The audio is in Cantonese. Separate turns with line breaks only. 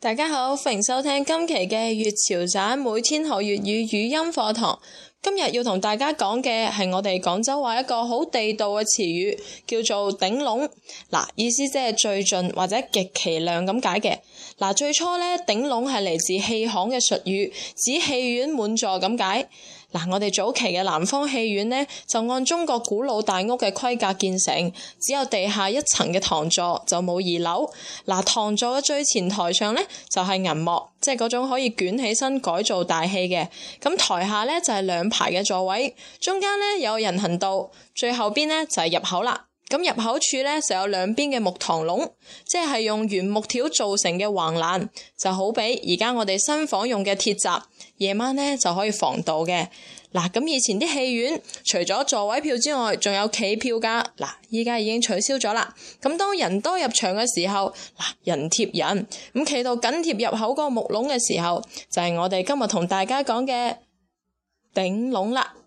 大家好，歡迎收聽今期嘅粵潮盞每天學粵語語音課堂。今日要同大家講嘅係我哋廣州話一個好地道嘅詞語，叫做頂櫳。嗱、啊，意思即係最盡或者極其量咁解嘅。嗱，最初呢頂櫳係嚟自戲行嘅術語，指戲院滿座咁解。嗱，我哋早期嘅南方戲院呢，就按中國古老大屋嘅規格建成，只有地下一層嘅堂座，就冇二樓。嗱，堂座嘅最前台上呢，就係銀幕，即係嗰種可以捲起身改造大戲嘅。咁台下呢，就係兩排嘅座位，中間呢，有人行道，最後邊呢，就係入口啦。咁入口處咧就有兩邊嘅木趟櫳，即係用原木條做成嘅橫欄，就好比而家我哋新房用嘅鐵閘，夜晚咧就可以防盜嘅。嗱，咁以前啲戲院除咗座位票之外，仲有企票㗎，嗱，依家已經取消咗啦。咁當人多入場嘅時候，嗱，人貼人咁企到緊貼入口個木櫳嘅時候，就係我哋今日同大家講嘅頂櫳啦。